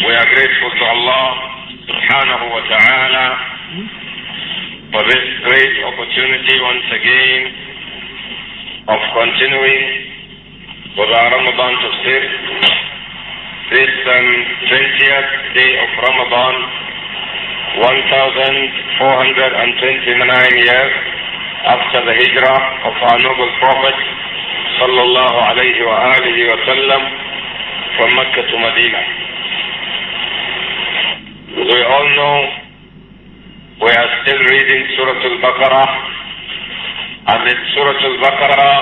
We are grateful to Allah subhanahu wa ta'ala for this great opportunity once again of continuing with our Ramadan tafsir. This um, 20th day of Ramadan, 1429 years after the hijrah of our noble Prophet sallallahu alayhi wa alihi wa sallam from Mecca to Medina we all know we are still reading Surah Al-Baqarah and in Surah Al-Baqarah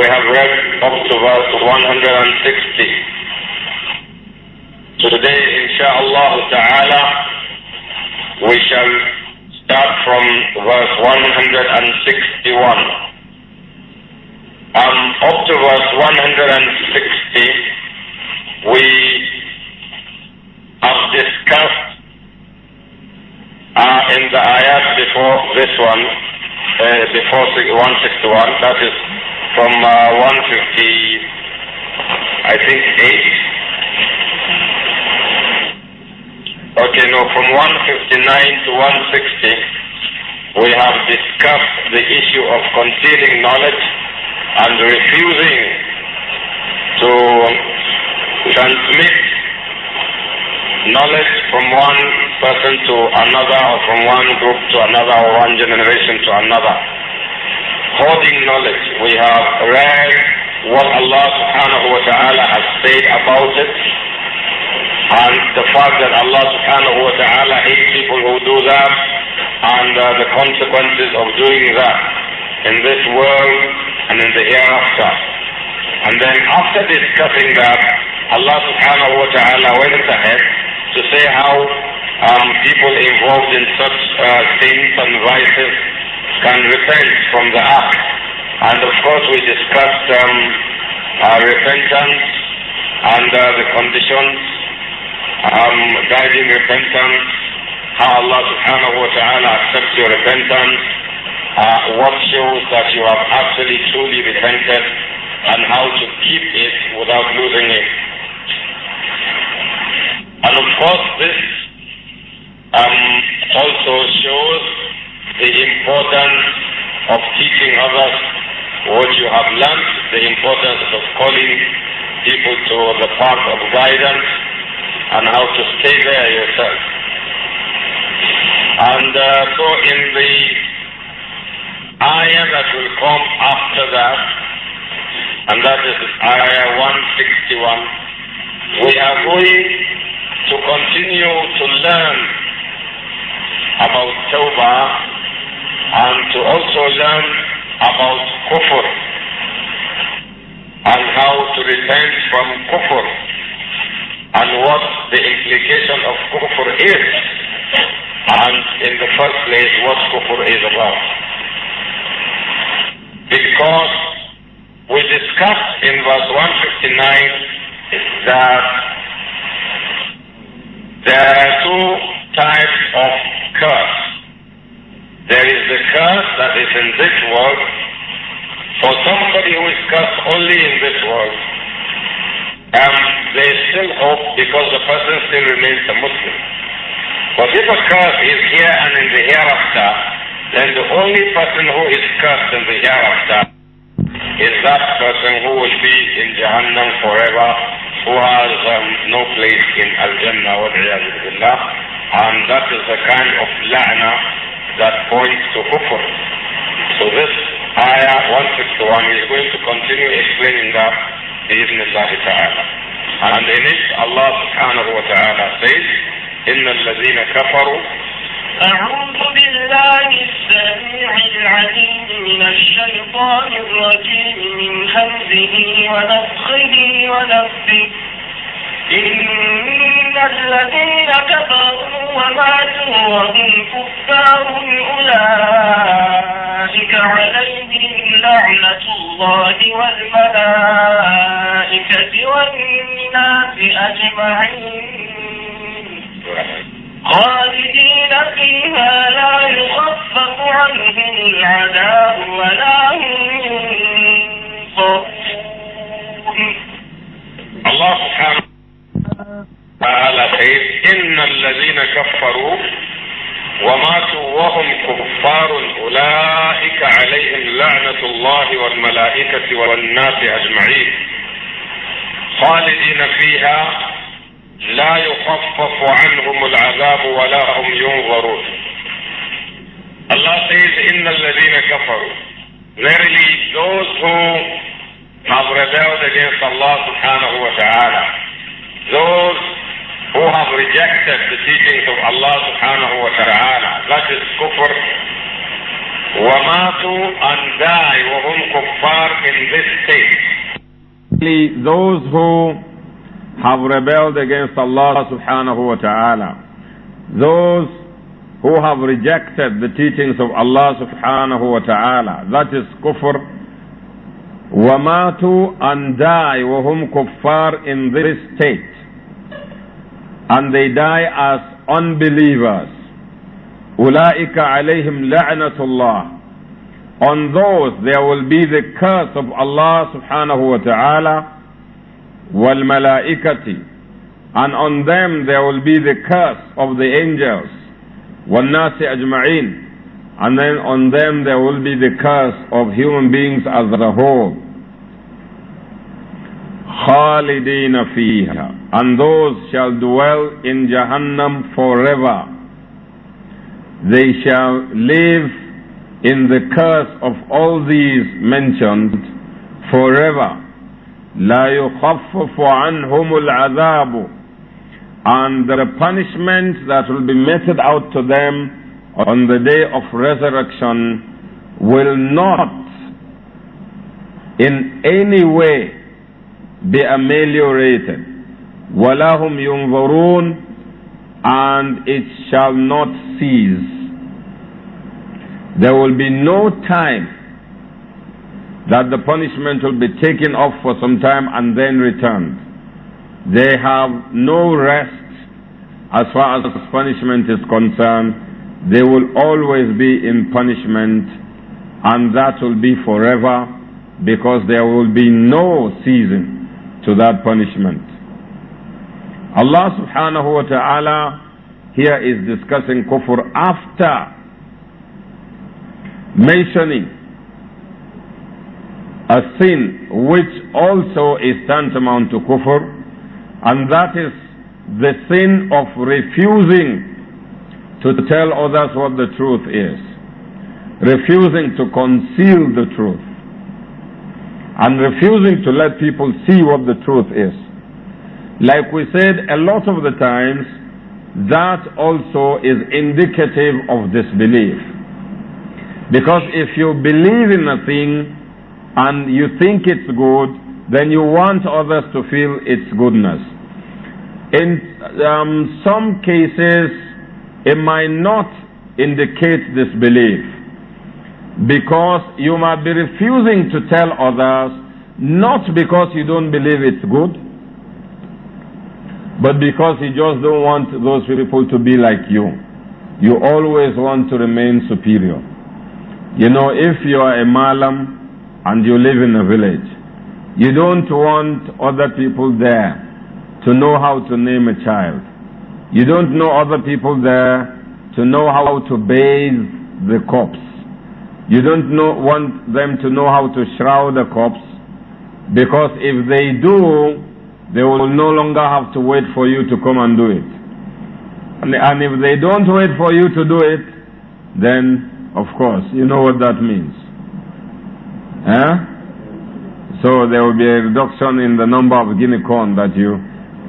we have read up to verse 160. Today insha'Allah ta'ala we shall start from verse 161 um, up to verse 160, we as discussed uh, in the ayat before this one, uh, before 161, that is from uh, 150, I think, 8. Okay, no, from 159 to 160, we have discussed the issue of concealing knowledge and refusing to transmit knowledge from one person to another or from one group to another or one generation to another. Holding knowledge. We have read what Allah subhanahu wa ta'ala has said about it and the fact that Allah subhanahu wa ta'ala hates people who do that and uh, the consequences of doing that in this world and in the hereafter. And then after discussing that, Allah subhanahu wa ta'ala went ahead to say how um, people involved in such uh, sins and vices can repent from the act. And of course, we discussed um, uh, repentance and uh, the conditions um, guiding repentance, how Allah subhanahu wa ta'ala accepts your repentance, uh, what shows that you have actually truly repented, and how to keep it without losing it. And of course, this um, also shows the importance of teaching others what you have learned, the importance of calling people to the path of guidance, and how to stay there yourself. And uh, so in the ayah that will come after that, and that is ayah 161, we are going to continue to learn about Tawbah and to also learn about Kufr and how to repent from Kufr and what the implication of Kufr is and in the first place what Kufr is about. Because we discussed in verse 159 that there are two types of curse. There is the curse that is in this world for somebody who is cursed only in this world. and um, there is still hope because the person still remains a Muslim. But if a curse is here and in the hereafter, then the only person who is cursed in the hereafter is that person who will be in Jahannam forever, who has um, no place in Al-Jannah, and that is the kind of la'na that points to kufr. So this ayah 161 is going to continue explaining that bi-idhnillahi ta'ala. And in it Allah subhanahu wa ta'ala says, إن الذين كفروا أعوذ بالله السميع العليم من الشيطان الرجيم من همزه ونفخه ونفه إن الذين كفروا وماتوا وهم كفار أولئك عليهم لعنة الله والملائكة والناس أجمعين خالدين فيها لا يخفف عنهم العذاب ولا هم الله سبحانه وتعالى خير إن الذين كفروا وماتوا وهم كفار أولئك عليهم لعنة الله والملائكة والناس أجمعين خالدين فيها لا يخفف عنهم العذاب ولا هم ينظرون Allah says إن الذين كفروا verily those who have rebelled against Allah subhanahu wa ta'ala those who have rejected the teachings of Allah subhanahu wa ta'ala that is kufr وماتوا and die وهم كفار in this state those who have rebelled against Allah subhanahu wa ta'ala. Those who have rejected the teachings of Allah subhanahu wa ta'ala, that is kufr, wamatu and die وَهُمْ kuffar in this state. And they die as unbelievers. Ulaika alayhim la'natullah. On those there will be the curse of Allah subhanahu wa ta'ala وَالْمَلَائِكَةِ And on them there will be the curse of the angels وَالنَّاسِ أَجْمَعِينَ And then on them there will be the curse of human beings as a whole. خَالِدِينَ فِيهَا And those shall dwell in Jahannam forever. They shall live in the curse of all these mentioned forever. لا يخفف عنهم العذاب and the punishment that will be meted out to them on the day of resurrection will not in any way be ameliorated وَلَهُمْ يُنْظَرُونَ and it shall not cease there will be no time that the punishment will be taken off for some time and then returned. They have no rest as far as punishment is concerned. They will always be in punishment and that will be forever because there will be no season to that punishment. Allah subhanahu wa ta'ala here is discussing kufr after mentioning a sin which also is tantamount to kufr, and that is the sin of refusing to tell others what the truth is, refusing to conceal the truth, and refusing to let people see what the truth is. Like we said, a lot of the times, that also is indicative of disbelief. Because if you believe in a thing, and you think it's good, then you want others to feel its goodness. In um, some cases, it might not indicate disbelief because you might be refusing to tell others not because you don't believe it's good, but because you just don't want those people to be like you. You always want to remain superior. You know, if you are a malam, and you live in a village, you don't want other people there to know how to name a child. You don't know other people there to know how to bathe the corpse. You don't know, want them to know how to shroud the corpse because if they do, they will no longer have to wait for you to come and do it. And, and if they don't wait for you to do it, then of course, you know what that means. So there will be a reduction in the number of guinea corn that you,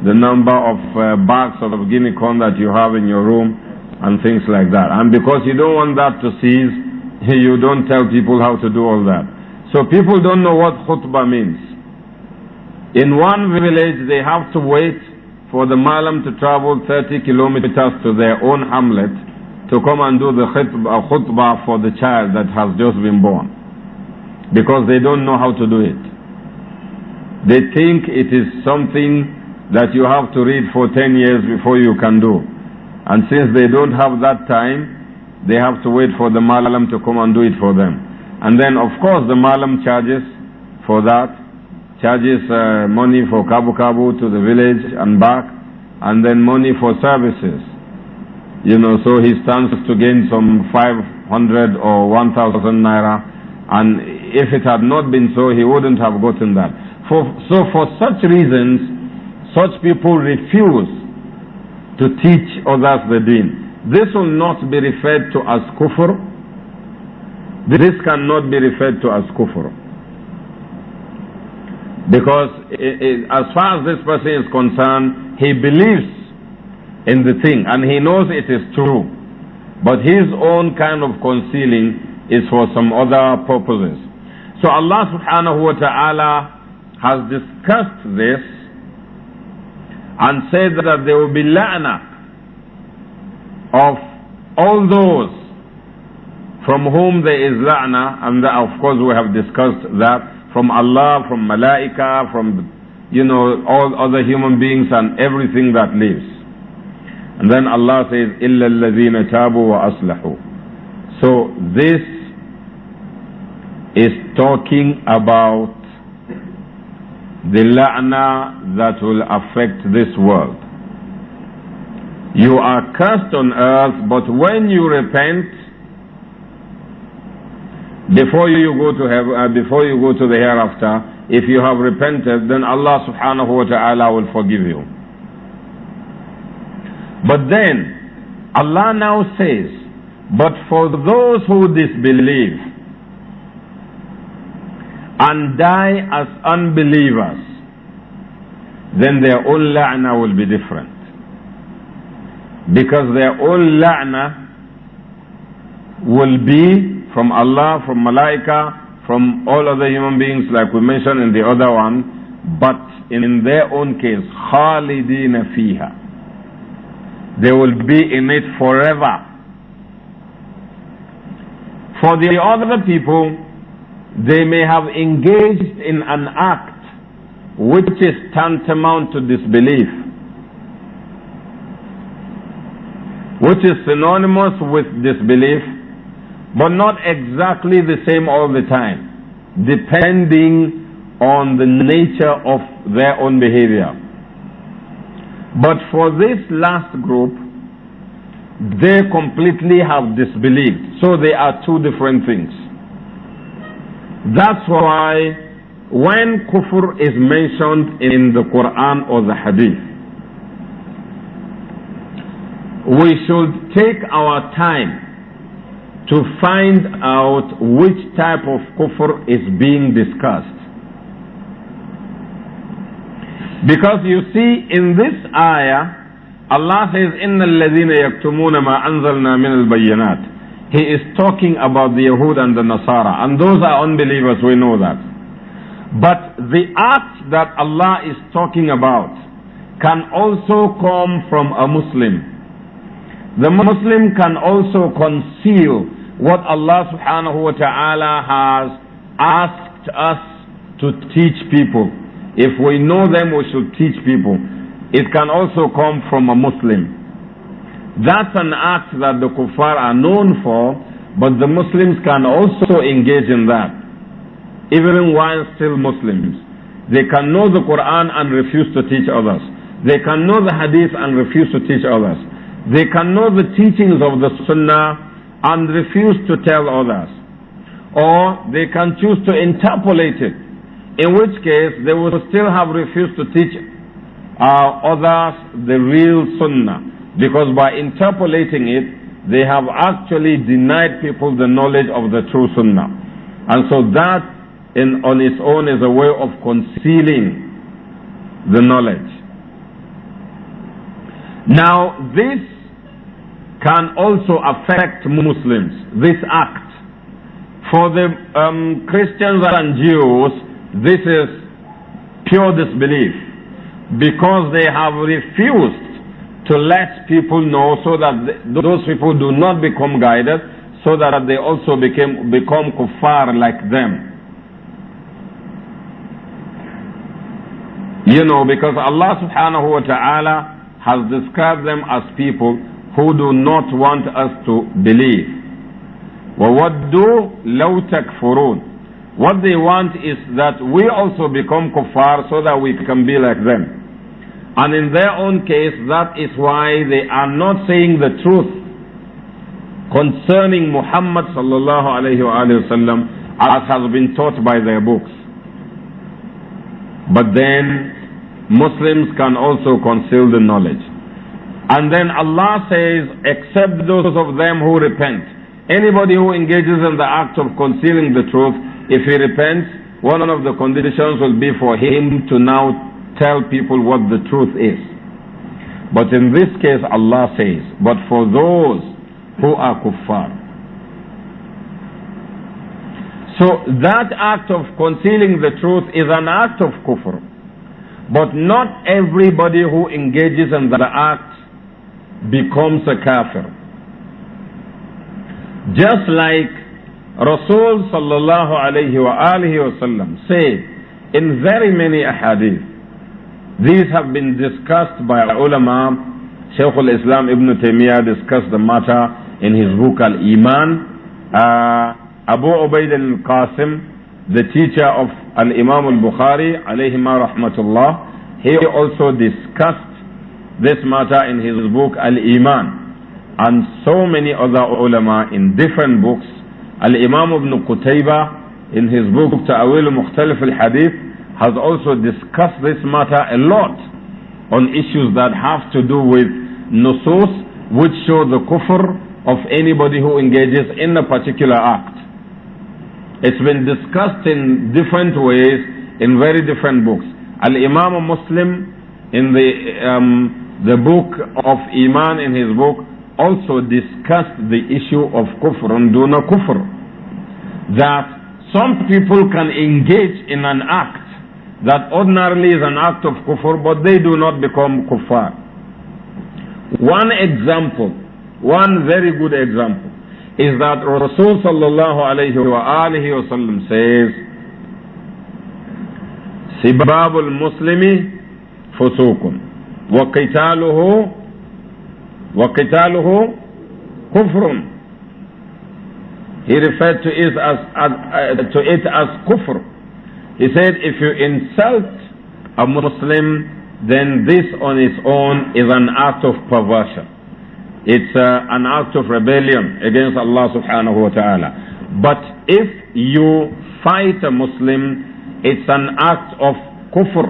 the number of uh, bags of guinea corn that you have in your room and things like that. And because you don't want that to cease, you don't tell people how to do all that. So people don't know what khutbah means. In one village, they have to wait for the malam to travel 30 kilometers to their own hamlet to come and do the uh, khutbah for the child that has just been born because they don't know how to do it. They think it is something that you have to read for 10 years before you can do. And since they don't have that time, they have to wait for the malam to come and do it for them. And then, of course, the malam charges for that, charges uh, money for Kabu Kabu to the village and back, and then money for services. You know, so he stands to gain some 500 or 1,000 naira, and if it had not been so, he wouldn't have gotten that. For, so for such reasons, such people refuse to teach others the deen. This will not be referred to as kufr. This cannot be referred to as kufr. Because it, it, as far as this person is concerned, he believes in the thing and he knows it is true. But his own kind of concealing is for some other purposes. So Allah subhanahu wa ta'ala has discussed this and said that there will be la'na of all those from whom there is la'na, and that, of course we have discussed that from Allah, from malaika, from you know, all other human beings and everything that lives. And then Allah says, إِلَّا الَّذِينَ تَابُوا وَأَصْلَحُوا So this is talking about the la'na that will affect this world. You are cursed on earth, but when you repent, before you go to heaven, uh, before you go to the hereafter, if you have repented, then Allah subhanahu wa ta'ala will forgive you. But then, Allah now says, but for those who disbelieve, and die as unbelievers, then their own la'na will be different. Because their own la'na will be from Allah, from malaika, from all other human beings like we mentioned in the other one, but in their own case, khalidina fiha. They will be in it forever. For the other people, they may have engaged in an act which is tantamount to disbelief, which is synonymous with disbelief, but not exactly the same all the time, depending on the nature of their own behavior. But for this last group, they completely have disbelieved. So they are two different things. That's why when kufr is mentioned in the Quran or the Hadith, we should take our time to find out which type of kufr is being discussed. Because you see, in this ayah, Allah says, إِنَّ الَّذِينَ يَكْتُمُونَ مَا أَنزَلْنَا مِنَ الْبَيِّنَاتِ he is talking about the Yahud and the Nasara. And those are unbelievers, we know that. But the act that Allah is talking about can also come from a Muslim. The Muslim can also conceal what Allah subhanahu wa ta'ala has asked us to teach people. If we know them, we should teach people. It can also come from a Muslim. That's an act that the kuffar are known for, but the Muslims can also engage in that, even while still Muslims. They can know the Quran and refuse to teach others. They can know the Hadith and refuse to teach others. They can know the teachings of the Sunnah and refuse to tell others. Or they can choose to interpolate it, in which case they will still have refused to teach uh, others the real Sunnah. Because by interpolating it, they have actually denied people the knowledge of the true sunnah. And so that in, on its own is a way of concealing the knowledge. Now, this can also affect Muslims, this act. For the um, Christians and Jews, this is pure disbelief because they have refused to let people know so that those people do not become guided, so that they also became, become kuffar like them. You know, because Allah subhanahu wa ta'ala has described them as people who do not want us to believe. وَوَدُّوا لَوْ What they want is that we also become kuffar so that we can be like them. And in their own case, that is why they are not saying the truth concerning Muhammad sallallahu alayhi wa as has been taught by their books. But then Muslims can also conceal the knowledge. And then Allah says, except those of them who repent. Anybody who engages in the act of concealing the truth, if he repents, one of the conditions will be for him to now tell people what the truth is. But in this case, Allah says, but for those who are kuffar. So that act of concealing the truth is an act of kufr. But not everybody who engages in that act becomes a kafir. Just like Rasul sallallahu alayhi wa alihi wasallam said in very many ahadith, these have been discussed by ulama. Shaykh al-Islam Ibn Taymiyyah discussed the matter in his book Al-Iman. Uh, Abu Ubaid al-Qasim, the teacher of al-Imam al-Bukhari, alayhima rahmatullah, he also discussed this matter in his book Al-Iman. And so many other ulama in different books. Al-Imam Ibn Qutayba, in his book Ta'awil Mukhtalif al-Hadith, has also discussed this matter a lot on issues that have to do with nusus which show the kufr of anybody who engages in a particular act. It's been discussed in different ways in very different books. Al-Imam Muslim in the, um, the book of Iman in his book also discussed the issue of kufr and duna kufr. That some people can engage in an act that ordinarily is an act of kufr, but they do not become kuffar. One example, one very good example, is that Rasul sallallahu alayhi wa alihi wa sallam says, سباب المسلم فسوق وقتاله وقتاله كفر he referred to it as, as uh, to it as kufr he said, if you insult a Muslim, then this on its own is an act of perversion. It's uh, an act of rebellion against Allah subhanahu wa ta'ala. But if you fight a Muslim, it's an act of kufr.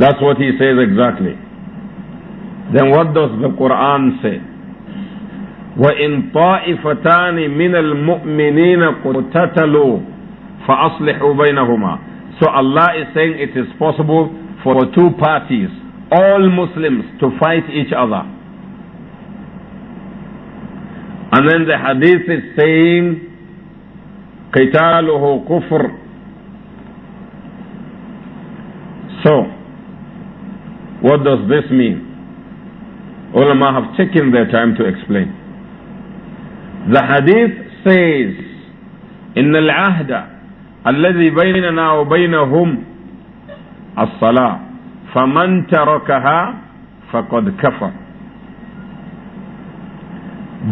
That's what he says exactly. Then what does the Quran say? وإن طائفتان من المؤمنين قتتلوا فأصلحوا بينهما So Allah is saying it is possible for two parties, all Muslims, to fight each other. And then the hadith is saying, قتاله كفر So, what does this mean? Ulama have taken their time to explain. The hadith says, إن العهد الذي بيننا وبينهم الصلاة فمن تركها فقد كفر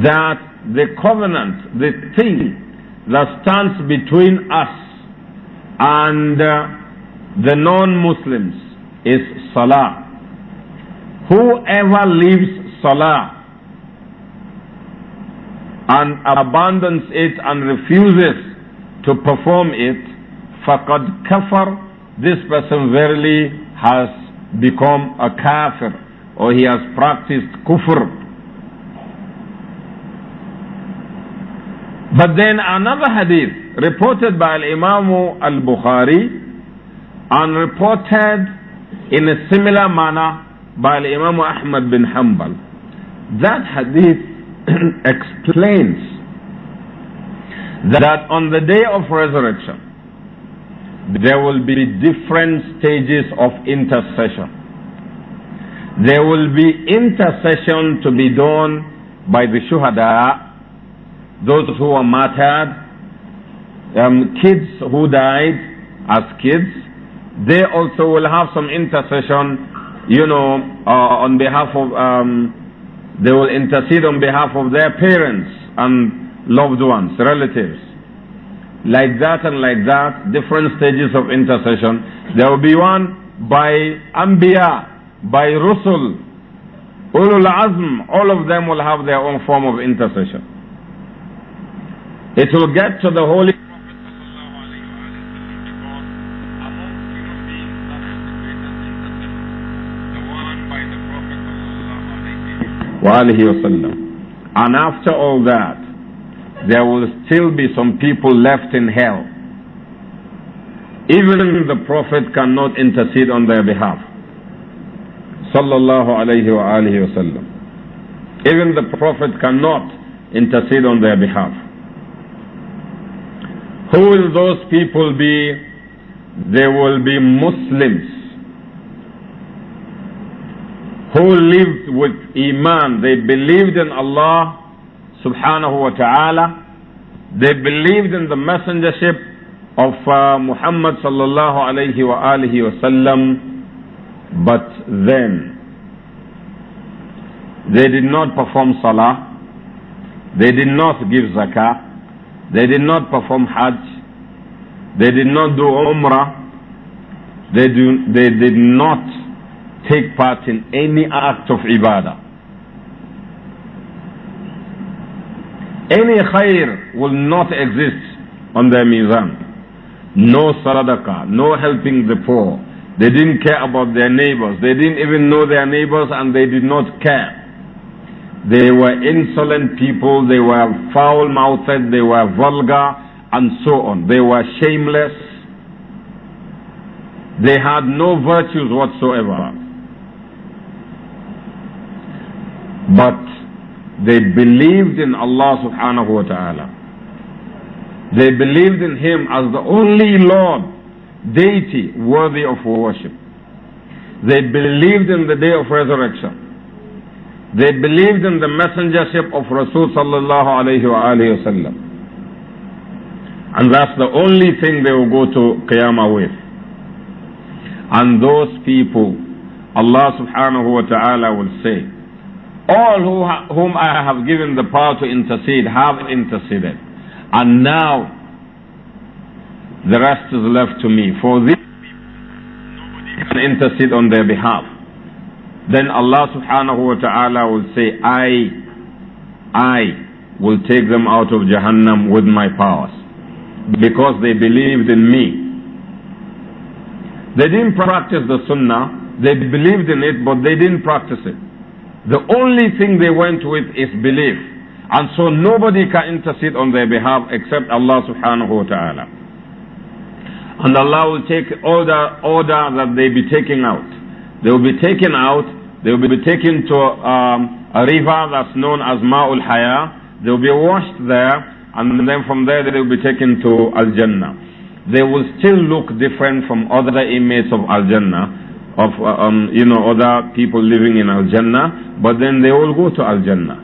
that the covenant, the thing that stands between us and uh, the non-Muslims is Salah. Whoever leaves Salah and abandons it and refuses to perform it, فَقَدْ kafar, This person verily has become a kafir or he has practiced kufr. But then another hadith reported by Imam al-Bukhari and reported in a similar manner by Imam Ahmad bin Hanbal. That hadith explains that on the day of resurrection, there will be different stages of intercession. There will be intercession to be done by the shuhada, those who were martyred, um, kids who died as kids. They also will have some intercession, you know, uh, on behalf of. Um, they will intercede on behalf of their parents and loved ones, relatives. Like that and like that, different stages of intercession. There will be one by Anbiya, by Rusul, Ulul Azm, all of them will have their own form of intercession. It will get to the Holy And after all that, there will still be some people left in hell. Even the Prophet cannot intercede on their behalf. Sallallahu alayhi wa wasallam. Even the Prophet cannot intercede on their behalf. Who will those people be? They will be Muslims who lived with Iman. They believed in Allah subhanahu wa ta'ala. They believed in the messengership of uh, Muhammad sallallahu alayhi wa alihi wasallam. But then, they did not perform salah. They did not give zakah. They did not perform hajj. They did not do umrah. They, do, they did not take part in any act of ibadah. Any khair will not exist on their mizan. No sadaqah, no helping the poor. They didn't care about their neighbors. They didn't even know their neighbors and they did not care. They were insolent people, they were foul mouthed, they were vulgar, and so on. They were shameless. They had no virtues whatsoever. But they believed in Allah subhanahu wa ta'ala. They believed in Him as the only Lord, deity worthy of worship. They believed in the day of resurrection. They believed in the messengership of Rasul sallallahu alayhi wa And that's the only thing they will go to Qiyamah with. And those people, Allah subhanahu wa ta'ala will say, all who whom I have given the power to intercede have interceded. And now the rest is left to me. For these nobody can intercede on their behalf. Then Allah subhanahu wa ta'ala will say, I, I will take them out of Jahannam with my powers because they believed in me. They didn't practice the sunnah, they believed in it, but they didn't practice it. The only thing they went with is belief. And so nobody can intercede on their behalf except Allah subhanahu wa ta'ala. And Allah will take order, order that they be taken out. They will be taken out, they will be taken to um, a river that's known as Ma'ul Haya. They will be washed there, and then from there they will be taken to Al Jannah. They will still look different from other inmates of Al Jannah of uh, um, you know other people living in Al Jannah, but then they all go to Al Jannah.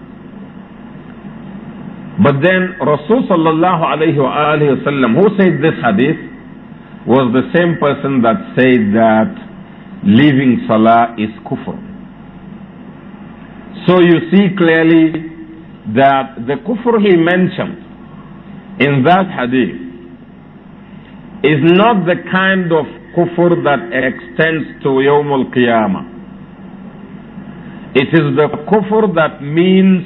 But then Rasulullah sallallahu who said this hadith, was the same person that said that leaving Salah is kufr. So you see clearly that the kufr he mentioned in that hadith is not the kind of kufr that extends to Yawm al-Qiyamah. It is the kufr that means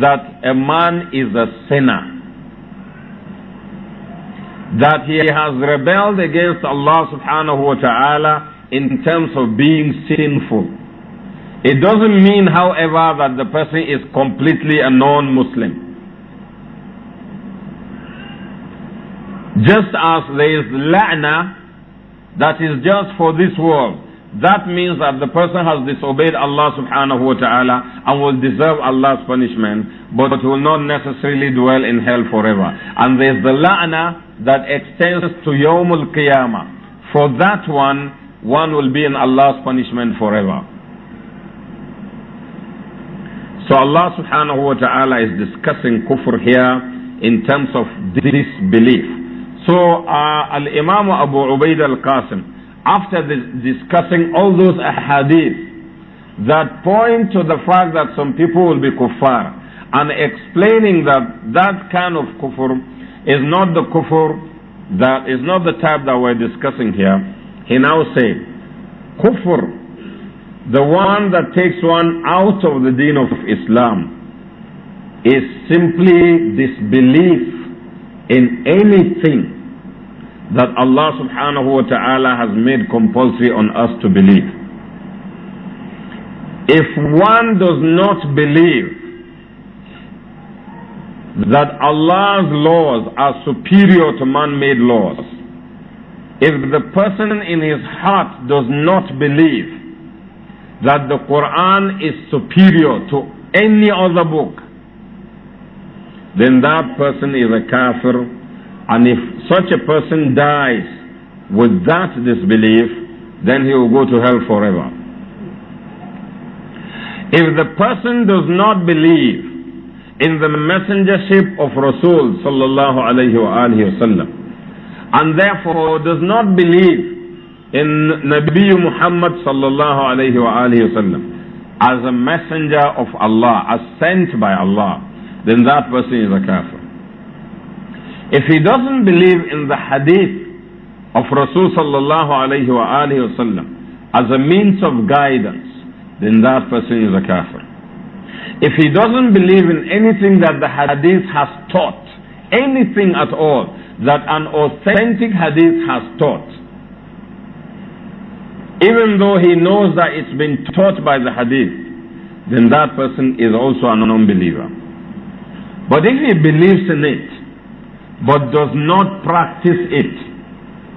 that a man is a sinner. That he has rebelled against Allah subhanahu wa ta'ala in terms of being sinful. It doesn't mean, however, that the person is completely a non-Muslim. Just as there is la'na that is just for this world, that means that the person has disobeyed Allah subhanahu wa ta'ala and will deserve Allah's punishment, but will not necessarily dwell in hell forever. And there's the la'na that extends to Yawmul Qiyamah. For that one, one will be in Allah's punishment forever. So Allah subhanahu wa ta'ala is discussing kufr here in terms of disbelief. So uh, Al-Imam Abu Ubaid al-Qasim, after discussing all those ahadith that point to the fact that some people will be kuffar and explaining that that kind of kufr is not the kufr that is not the type that we're discussing here, he now said, kufr, the one that takes one out of the deen of Islam, is simply disbelief in anything that Allah subhanahu wa ta'ala has made compulsory on us to believe. If one does not believe that Allah's laws are superior to man made laws, if the person in his heart does not believe that the Quran is superior to any other book, then that person is a kafir and if such a person dies with that disbelief, then he will go to hell forever. If the person does not believe in the messengership of Rasul sallallahu alayhi wasallam, and therefore does not believe in Nabi Muhammad sallallahu alayhi wasallam as a messenger of Allah, as sent by Allah, then that person is a kafir. If he doesn't believe in the hadith of Rasulullah sallallahu alayhi wa alayhi as a means of guidance, then that person is a kafir. If he doesn't believe in anything that the hadith has taught, anything at all that an authentic hadith has taught, even though he knows that it's been taught by the hadith, then that person is also an unbeliever. But if he believes in it, but does not practice it,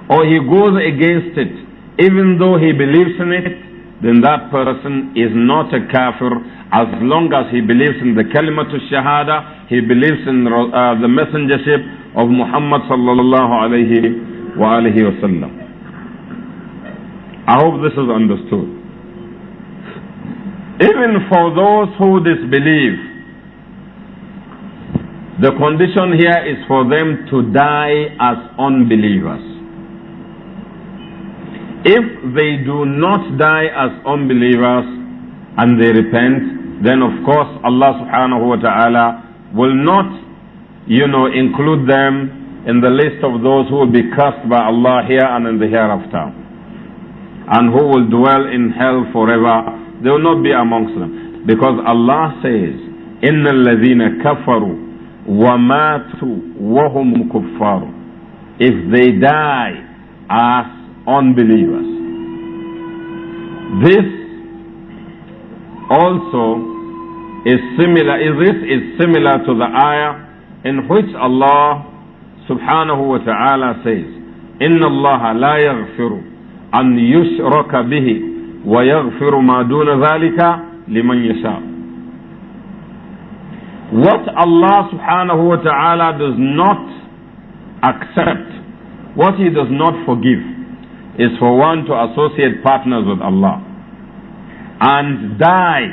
or he goes against it, even though he believes in it, then that person is not a kafir as long as he believes in the kalimatul shahada, he believes in uh, the messengership of Muhammad sallallahu alayhi wa alihi wasallam. I hope this is understood. Even for those who disbelieve, the condition here is for them to die as unbelievers. If they do not die as unbelievers and they repent, then of course Allah subhanahu wa ta'ala will not, you know, include them in the list of those who will be cursed by Allah here and in the hereafter and who will dwell in hell forever. They will not be amongst them. Because Allah says, إِنَّ الَّذِينَ كَفَرُوا وَمَاتُوا وَهُمْ كُفَّارٌ If they die as unbelievers. This also is similar, this is similar to the ayah in which Allah subhanahu wa ta'ala says, إن الله لا يغفر أن يشرك به ويغفر ما دون ذلك لمن يشاء What Allah subhanahu wa ta'ala does not accept, what He does not forgive, is for one to associate partners with Allah and die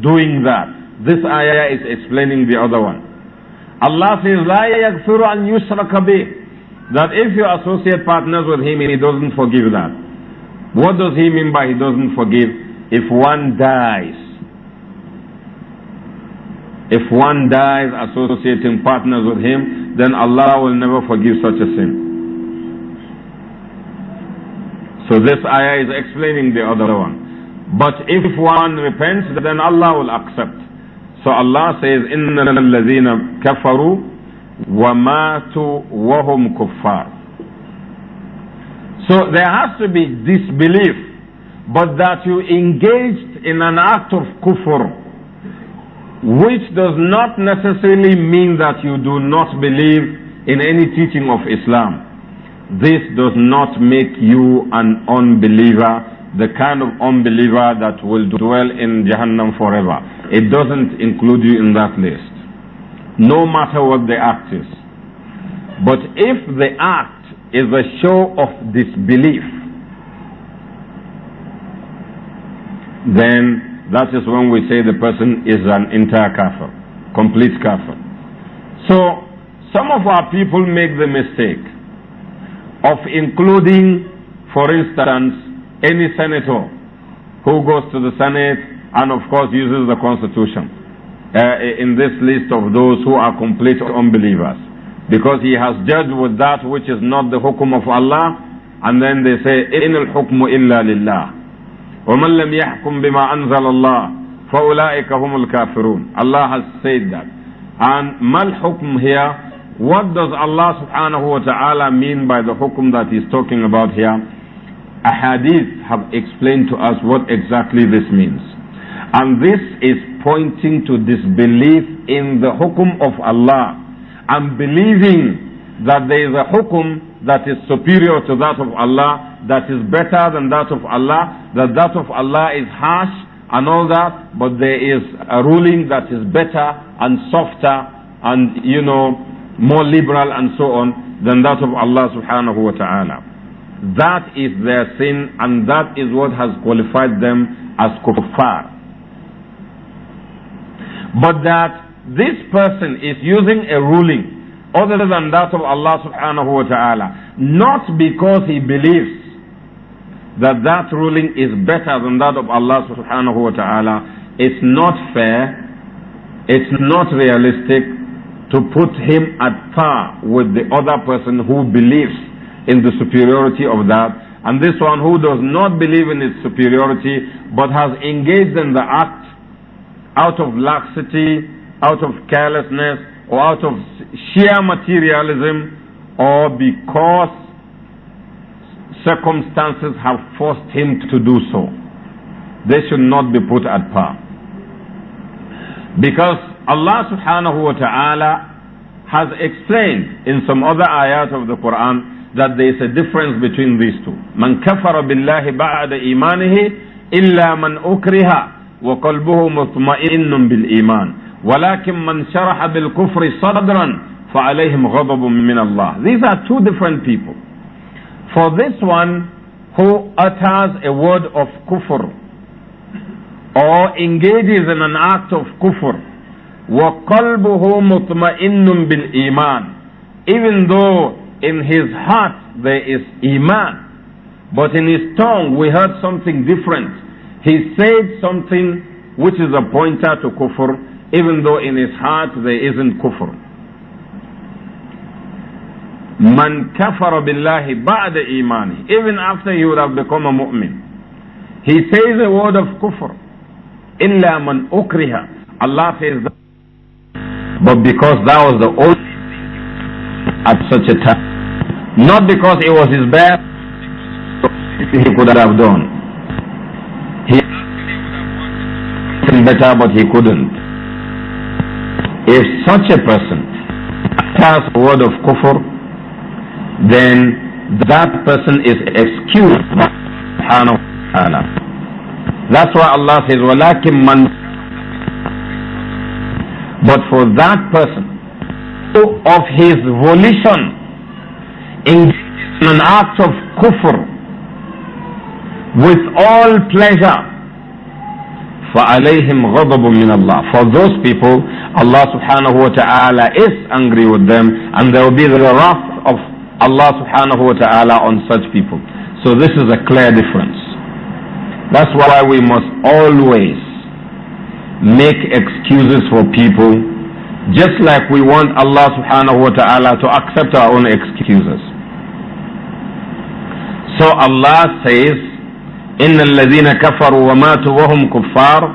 doing that. This ayah is explaining the other one. Allah says, لا يغفر أن يشرك به that if you associate partners with him he doesn't forgive that. What does he mean by he doesn't forgive? If one dies if one dies associating partners with him, then Allah will never forgive such a sin. So this ayah is explaining the other one. But if one repents, then Allah will accept. So Allah says, إِنَّ الَّذِينَ كَفَرُوا وَمَاتُوا وَهُمْ كُفَّارٌ So there has to be disbelief, but that you engaged in an act of kufr which does not necessarily mean that you do not believe in any teaching of Islam. This does not make you an unbeliever, the kind of unbeliever that will dwell in Jahannam forever. It doesn't include you in that list, no matter what the act is. But if the act is a show of disbelief, then that is when we say the person is an entire kafir, complete kafir. So, some of our people make the mistake of including, for instance, any senator who goes to the Senate and, of course, uses the Constitution uh, in this list of those who are complete unbelievers. Because he has judged with that which is not the hukum of Allah, and then they say, إِنَّ الْحُكْمُ إِلَّا لِلَّهِ وَمَنْ لَمْ يَحْكُمْ بِمَا أَنْزَلَ اللَّهِ فَأُولَٰئِكَ هُمُ الْكَافِرُونَ Allah has said that. And ما الحكم here, what does Allah subhanahu wa ta'ala mean by the حكم that he's talking about here? Ahadith have explained to us what exactly this means. And this is pointing to disbelief in the hukum of Allah and believing that there is a hukum that is superior to that of Allah, that is better than that of Allah, that that of Allah is harsh and all that, but there is a ruling that is better and softer and, you know, more liberal and so on than that of Allah subhanahu wa ta'ala. That is their sin and that is what has qualified them as kuffar. But that this person is using a ruling other than that of Allah subhanahu wa ta'ala. Not because he believes that that ruling is better than that of Allah subhanahu wa ta'ala. It's not fair, it's not realistic to put him at par with the other person who believes in the superiority of that and this one who does not believe in its superiority but has engaged in the act out of laxity, out of carelessness, or out of sheer materialism or because circumstances have forced him to do so. They should not be put at par. Because Allah subhanahu wa ta'ala has explained in some other ayat of the Quran that there is a difference between these two. Man kafara billahi ba'da imanihi illa man ukriha wa qalbuhu mutma'innun bil iman. وَلَكِنْ مَنْ شَرَحَ بِالْكُفْرِ صَدْرًا فَعَلَيْهِمْ غَضَبٌ مِّنَ اللَّهِ These are two different people. For this one who utters a word of kufr or engages in an act of kufr, وَقَلْبُهُ مُطْمَئِنٌ بِالْإِيمَانِ Even though in his heart there is Iman, but in his tongue we heard something different. He said something which is a pointer to kufr, even though in his heart there isn't kufr. Man kafara billahi ba'da imani. Even after he would have become a mu'min. He says a word of kufr. Illa man ukriha. Allah says that. But because that was the only thing at such a time. Not because it was his bad, he could have done. He have better, but he couldn't. If such a person utters a word of kufr, then that person is excused by subhanahu wa ta'ala. That's why Allah says, وَلَكِمْ مَنْ But for that person, of his volition in an act of kufr with all pleasure, فَعَلَيْهِمْ غَضَبٌ مِّنَ اللَّهِ For those people, Allah subhanahu wa ta'ala is angry with them and there will be the wrath of Allah subhanahu wa ta'ala on such people. So this is a clear difference. That's why we must always make excuses for people just like we want Allah subhanahu wa ta'ala to accept our own excuses. So Allah says, إن الذين كفروا وماتوا وهم كفار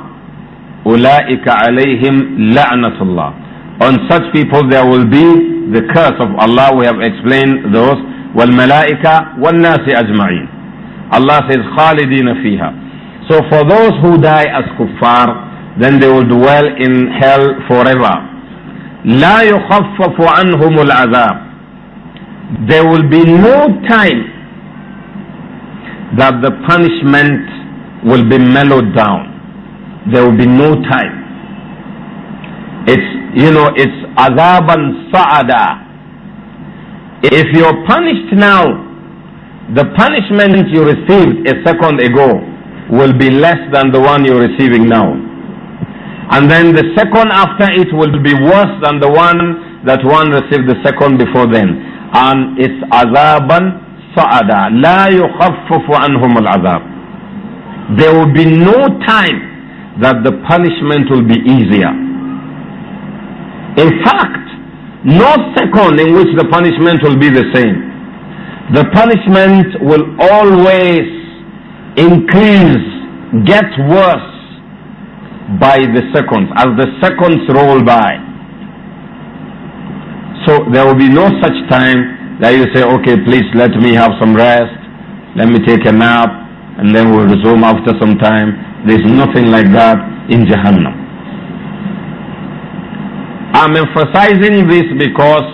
أولئك عليهم لعنة الله On such people there will be the curse of Allah. We have explained those. والملائكة والناس أجمعين. Allah says خالدين فيها. So for those who die as kuffar, then they will dwell in hell forever. لا يخفف عنهم العذاب. There will be no time that the punishment will be mellowed down. There will be no time. It's, you know, it's azaban sa'ada. If you're punished now, the punishment you received a second ago will be less than the one you're receiving now. And then the second after it will be worse than the one that one received the second before then. And it's azaban there will be no time that the punishment will be easier in fact no second in which the punishment will be the same the punishment will always increase get worse by the seconds as the seconds roll by so there will be no such time that you say, okay, please let me have some rest, let me take a nap, and then we'll resume after some time. There's nothing like that in Jahannam. I'm emphasizing this because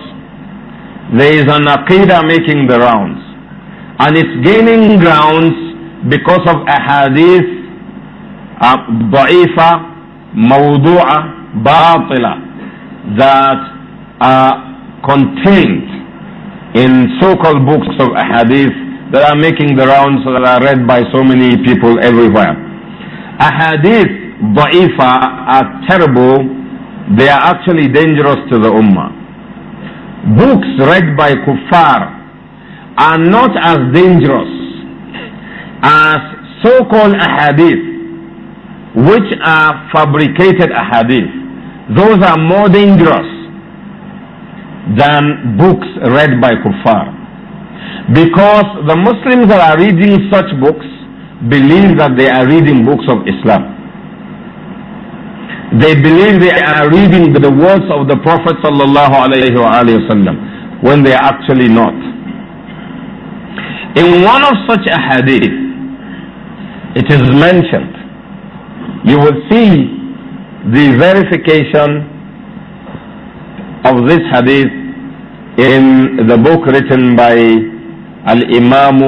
there is an aqidah making the rounds. And it's gaining grounds because of a hadith, uh, da'ifa, mawdu'a, batila, that are contained in so-called books of ahadith that are making the rounds that are read by so many people everywhere. Ahadith da'ifa are terrible. They are actually dangerous to the ummah. Books read by kuffar are not as dangerous as so-called ahadith, which are fabricated ahadith. Those are more dangerous than books read by kuffar. Because the Muslims that are reading such books believe that they are reading books of Islam. They believe they are reading the words of the Prophet wasallam when they are actually not. In one of such a hadith, it is mentioned, you will see the verification of this hadith in the book written by Al-Imam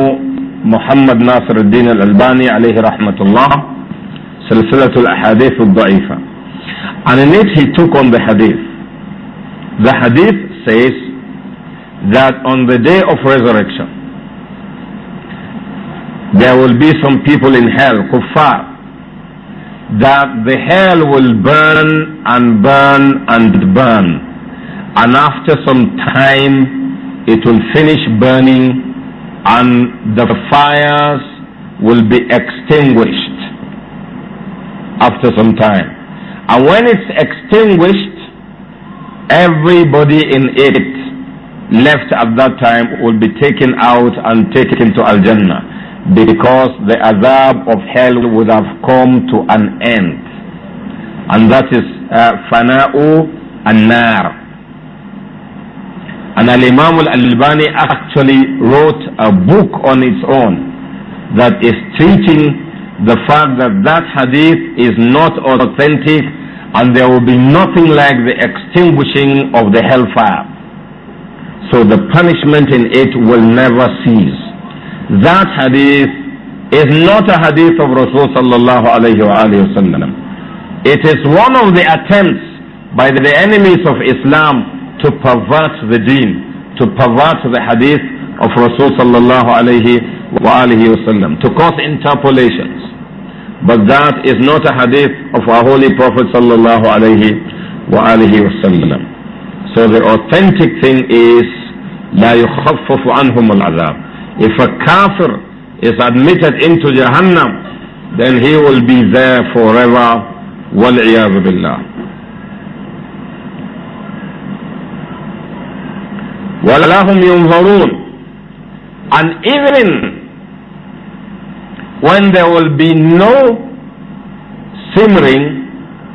Muhammad Nasr al-Din al-Albani alayhi rahmatullah سلسلة الأحاديث الضعيفة and in it he took on the hadith the hadith says that on the day of resurrection there will be some people in hell kuffar that the hell will burn and burn and burn and after some time it will finish burning and the fires will be extinguished after some time. And when it's extinguished, everybody in it left at that time will be taken out and taken to Al Jannah because the azab of hell would have come to an end. And that is uh, Fana'u an-Nar. And Al Imam Al Albani actually wrote a book on its own that is teaching the fact that that hadith is not authentic and there will be nothing like the extinguishing of the hellfire. So the punishment in it will never cease. That hadith is not a hadith of Rasulullah sallallahu It is one of the attempts by the enemies of Islam to pervert the deen, to pervert the hadith of Rasulullah sallallahu alayhi wa alihi wasallam, to cause interpolations. But that is not a hadith of our holy Prophet sallallahu alayhi wa alihi wasallam. So the authentic thing is لا يخفف عنهم العذاب. If a kafir is admitted into Jahannam, then he will be there forever. وَالْعِيَاذُ بِاللَّهِ وَلَهُمْ يُنْظَرُونَ And even when there will be no simmering,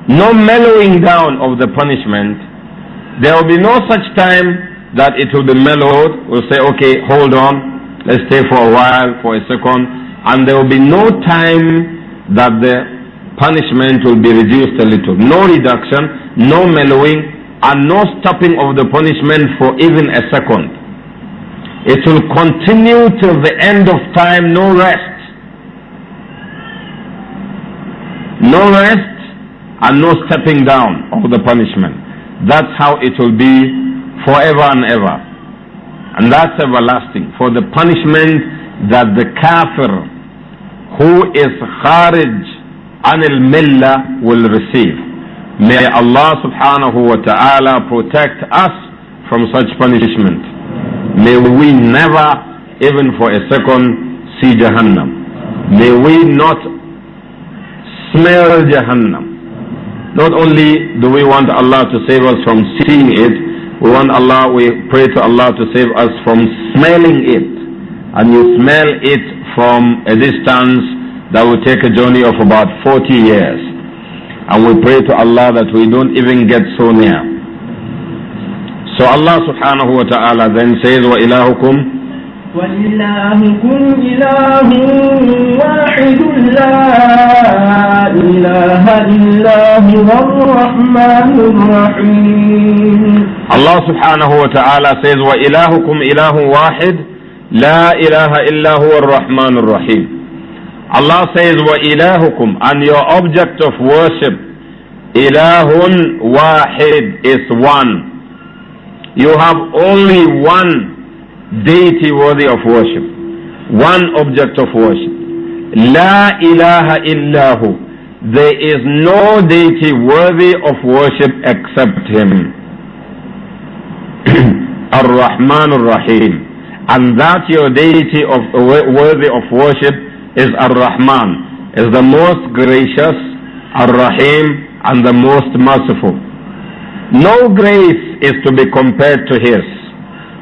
no mellowing down of the punishment, there will be no such time that it will be mellowed. We'll say, okay, hold on, let's stay for a while, for a second. And there will be no time that the punishment will be reduced a little. No reduction, no mellowing, and no stopping of the punishment for even a second. It will continue till the end of time, no rest. No rest and no stepping down of the punishment. That's how it will be forever and ever. And that's everlasting. For the punishment that the kafir who is kharij anil millah will receive. May Allah subhanahu wa ta'ala protect us from such punishment. May we never, even for a second, see Jahannam. May we not smell Jahannam. Not only do we want Allah to save us from seeing it, we want Allah, we pray to Allah to save us from smelling it. And you smell it from a distance that will take a journey of about 40 years. And we pray to Allah that we don't even get so near. So Allah subhanahu wa ta'ala then says, وَإِلَهُكُمْ وإلهكم إله واحد لا إله إلا هو الرحمن الرحيم الله سبحانه وتعالى says وإلهكم إله واحد لا إله إلا هو الرحمن الرحيم Allah says, "Wa ilahukum," And your object of worship, ilahun waheed, is one. You have only one deity worthy of worship. One object of worship. La ilaha illahu. There is no deity worthy of worship except Him. Rahman, Ar Rahim, and that your deity of worthy of worship is Ar-Rahman, is the most gracious, Ar-Rahim, and the most merciful. No grace is to be compared to His.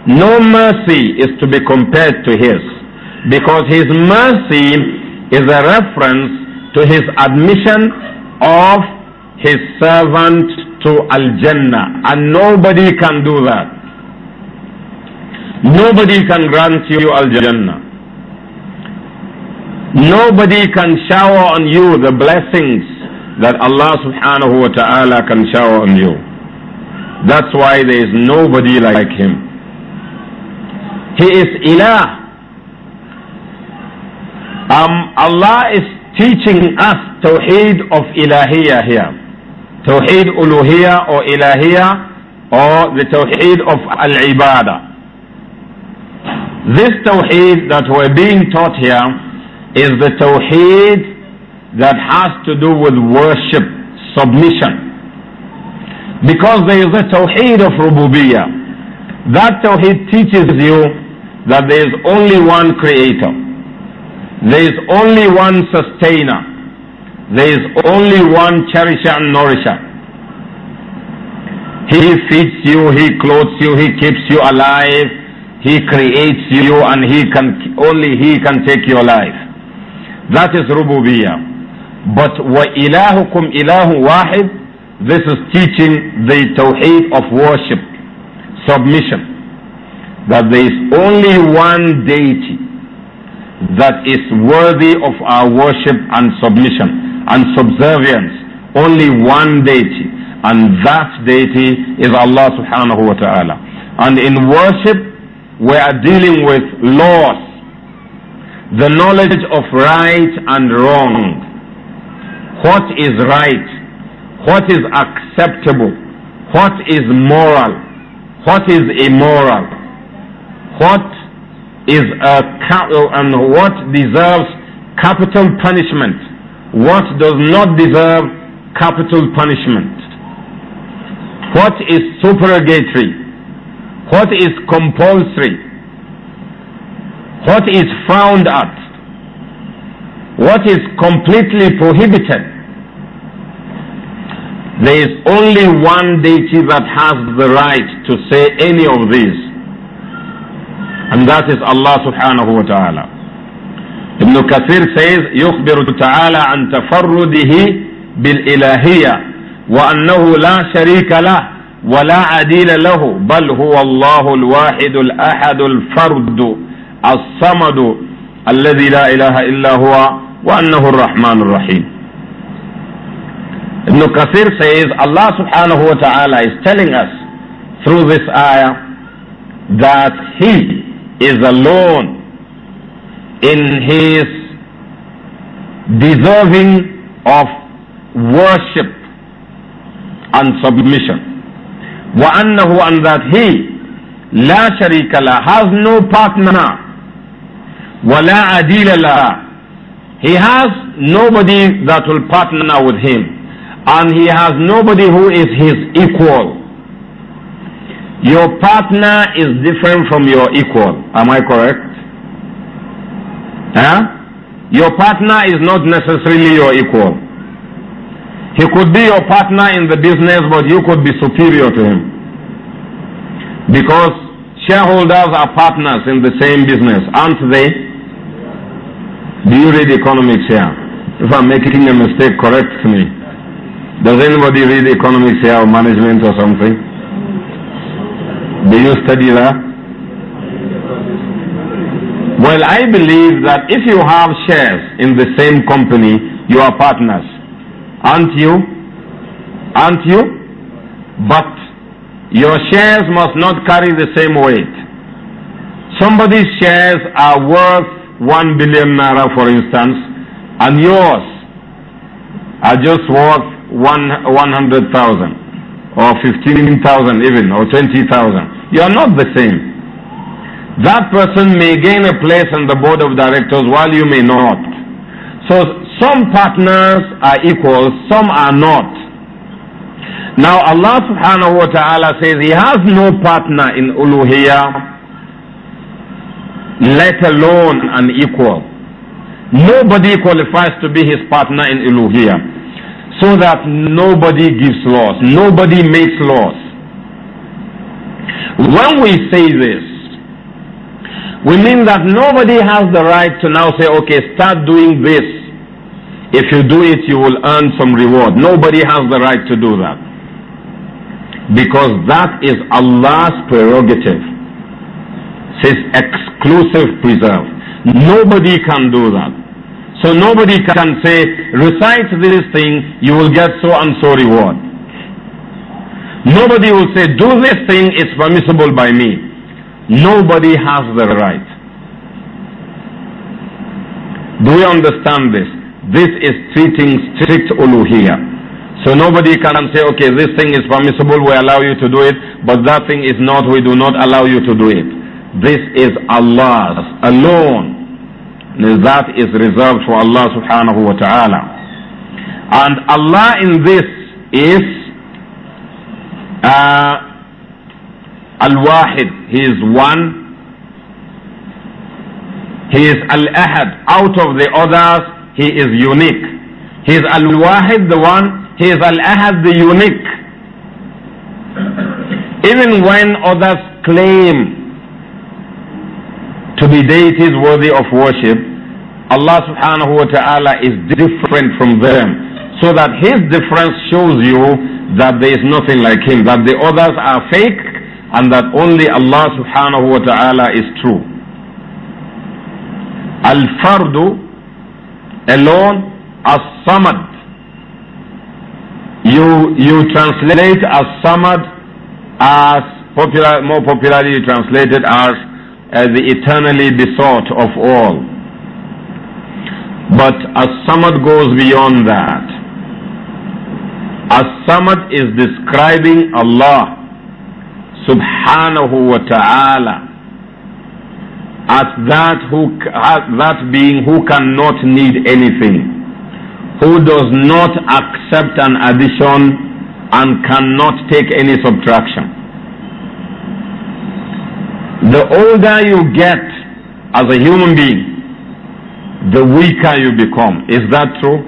No mercy is to be compared to His. Because His mercy is a reference to His admission of His servant to Al-Jannah. And nobody can do that. Nobody can grant you Al-Jannah. Nobody can shower on you the blessings that Allah subhanahu wa ta'ala can shower on you. That's why there is nobody like him. He is ilah. Um, Allah is teaching us Tawheed of ilahiyah here. Tawheed Uluhiyya or ilahiyah, or the Tawheed of Al-Ibadah. This Tawheed that we're being taught here is the tawheed that has to do with worship, submission. Because there is a tawheed of rububiyyah. That tawheed teaches you that there is only one creator. There is only one sustainer. There is only one cherisher and nourisher. He feeds you, He clothes you, He keeps you alive, He creates you, and He can only He can take your life. That is rububiya. But wa ilahukum ilahu wahid, this is teaching the tawheed of worship, submission. That there is only one deity that is worthy of our worship and submission and subservience. Only one deity. And that deity is Allah subhanahu wa ta'ala. And in worship, we are dealing with laws the knowledge of right and wrong. What is right? What is acceptable? What is moral? What is immoral? What is a cattle and what deserves capital punishment? What does not deserve capital punishment? What is supererogatory? What is compulsory? What is frowned at? What is completely prohibited? There is only one deity that has the right to say any of these. And that is Allah subhanahu wa ta'ala. Ibn Kathir says, يخبر تعالى عن تفرده بالإلهية وأنه لا شريك له ولا عديل له بل هو الله الواحد الأحد الفرد الصمد الذي لا إله إلا هو وأنه الرحمن الرحيم Ibn Kathir says Allah subhanahu wa ta'ala is telling us through this ayah that He is alone in His deserving of worship and submission. وَأَنَّهُ and that He, لَا شَرِيكَ لَهُ, has no partner وَلَا عَدِيلَ لَهَا He has nobody that will partner with him. And he has nobody who is his equal. Your partner is different from your equal. Am I correct? Huh? Your partner is not necessarily your equal. He could be your partner in the business, but you could be superior to him. Because shareholders are partners in the same business, aren't they? Do you read economics here? If I'm making a mistake, correct me. Does anybody read economics here or management or something? Do you study that? Well, I believe that if you have shares in the same company, you are partners. Aren't you? Aren't you? But your shares must not carry the same weight. Somebody's shares are worth 1 billion naira, for instance, and yours are just worth one, 100,000 or 15,000 even or 20,000. You are not the same. That person may gain a place on the board of directors while you may not. So some partners are equal, some are not. Now Allah subhanahu wa ta'ala says he has no partner in uluhiyah let alone an equal. Nobody qualifies to be his partner in Elohia, so that nobody gives laws, nobody makes laws. When we say this, we mean that nobody has the right to now say, okay, start doing this. If you do it, you will earn some reward. Nobody has the right to do that. Because that is Allah's prerogative his exclusive preserve. Nobody can do that. So nobody can say, recite this thing, you will get so and so reward. Nobody will say, do this thing, it's permissible by me. Nobody has the right. Do we understand this? This is treating strict uluhiyah. So nobody can say, okay, this thing is permissible, we allow you to do it, but that thing is not, we do not allow you to do it. This is Allah's alone. That is reserved for Allah subhanahu wa ta'ala. And Allah in this is uh, Al-Wahid. He is one. He is Al-Ahad. Out of the others, he is unique. He is Al-Wahid, the one. He is Al-Ahad, the unique. Even when others claim to be deities worthy of worship, Allah subhanahu wa ta'ala is different from them. So that his difference shows you that there is nothing like him, that the others are fake and that only Allah subhanahu wa ta'ala is true. Al-Fardu alone as Samad. You, you translate as Samad as popular, more popularly translated as as the eternally besought of all. But As-Samad goes beyond that. As-Samad is describing Allah subhanahu wa ta'ala as that who as that being who cannot need anything who does not accept an addition and cannot take any subtraction the older you get as a human being, the weaker you become. Is that true?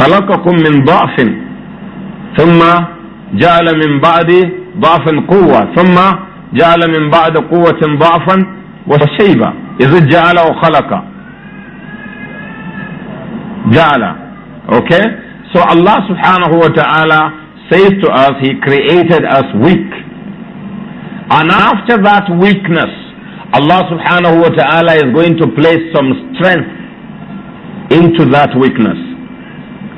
خلقكم من ضعف ثم جعل من بعد ضعف قوة ثم جعل من بعد قوة ضعفا وشيبة إذ جعل وخلق جعل okay so Allah subhanahu wa ta'ala says to us he created us weak and after that weakness, Allah subhanahu wa ta'ala is going to place some strength into that weakness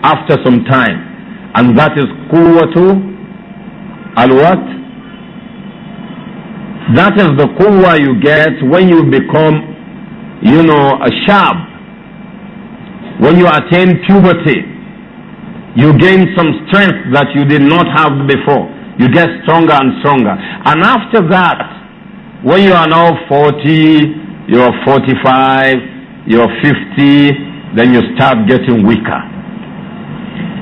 after some time. And that is quwwatu al-what? That is the kuwa you get when you become, you know, a shab. When you attain puberty, you gain some strength that you did not have before. You get stronger and stronger. And after that, when you are now 40, you're 45, you're 50, then you start getting weaker.